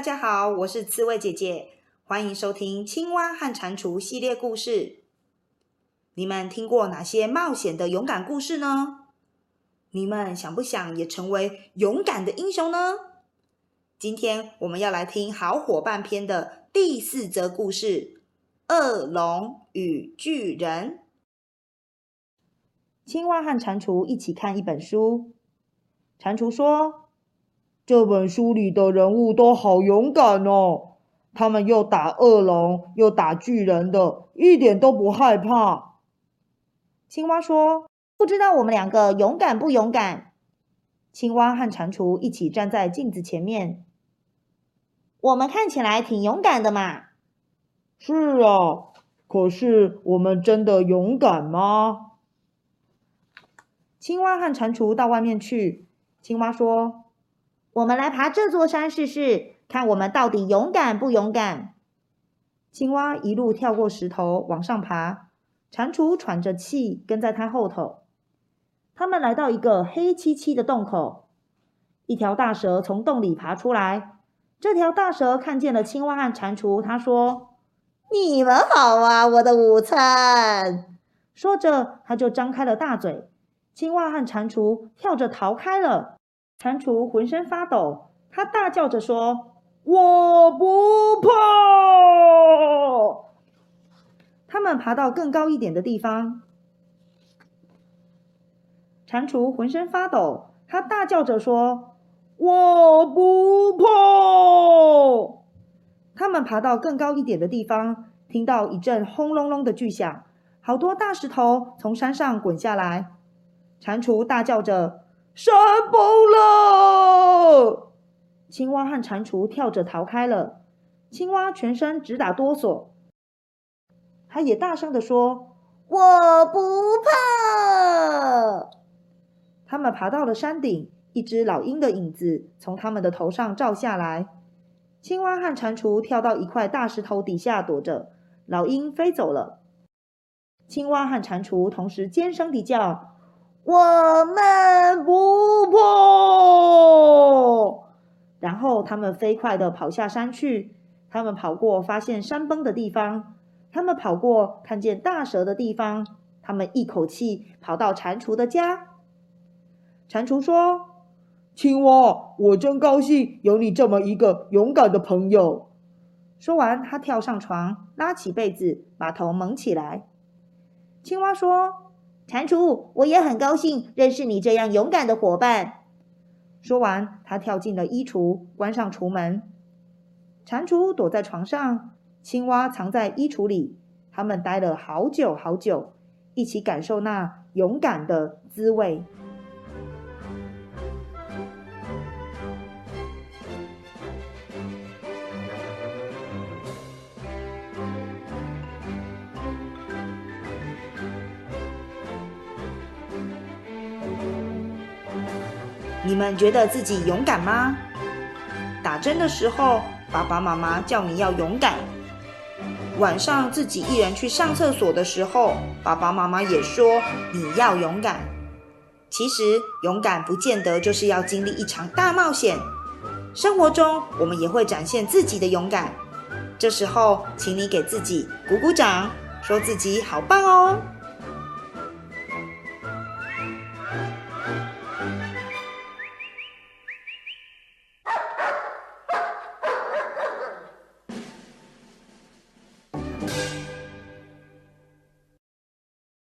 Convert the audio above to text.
大家好，我是刺蝟姐姐，歡迎收聽《青蛙和蟾蜍》系列故事。你們聽過哪些冒險的勇敢故事呢？你們想不想也成為勇敢的英雄呢？今天我們要來聽《好伙伴》篇的第四則故事《惡龍與巨人》。青蛙和蟾蜍一起看一本書，蟾蜍說。這本書裡的人物都好勇敢哦，他們又打惡龍，又打巨人的，一點都不害怕。青蛙說：“不知道我們兩個勇敢不勇敢？”青蛙和蟾蜍一起站在鏡子前面，我們看起來挺勇敢的嘛。是啊，可是我們真的勇敢嗎？青蛙和蟾蜍到外面去，青蛙說。我們來爬這座山試試，看我們到底勇敢不勇敢。青蛙一路跳過石頭往上爬，蟾蜍喘着氣跟在它後頭。他們來到一個黑漆漆的洞口，一條大蛇從洞裡爬出來。這條大蛇看見了青蛙和蟾蜍，它說：“你們好啊，我的午餐。”說着，他就張開了大嘴。青蛙和蟾蜍跳着逃開了。蟾蜍渾身發抖，他大叫着說：“我不怕。”他們爬到更高一點的地方。蟾蜍渾身發抖，他大叫着說：“我不怕。”他們爬到更高一點的地方，聽到一陣轟隆隆的巨響，好多大石頭從山上滾下來。蟾蜍大叫着。山崩了！青蛙和蟾蜍跳着逃開了。青蛙全身直打哆嗦，它也大聲地說：“我不怕。”他們爬到了山頂，一隻老鷹的影子從他們的頭上照下來。青蛙和蟾蜍跳到一塊大石頭底下躲着，老鷹飛走了。青蛙和蟾蜍同時尖聲地叫。我們不怕。然後他們飛快地跑下山去。他們跑過發現山崩的地方，他們跑過看見大蛇的地方，他們一口氣跑到蟾蜍的家。蟾蜍說：“青蛙，我真高興有你這麼一個勇敢的朋友。”說完，他跳上床，拉起被子，把頭蒙起來。青蛙說。蟾蜍，我也很高興認識你這樣勇敢的伙伴。說完，他跳進了衣櫥，關上櫥門。蟾蜍躲在床上，青蛙藏在衣櫥裡，他們待了好久好久，一起感受那勇敢的滋味。你們覺得自己勇敢嗎？打針的時候，爸爸媽媽叫你要勇敢；晚上自己一人去上廁所的時候，爸爸媽媽也說你要勇敢。其實，勇敢不見得就是要經歷一場大冒險。生活中，我們也會展現自己的勇敢。這時候，請你給自己鼓鼓掌，說自己好棒哦。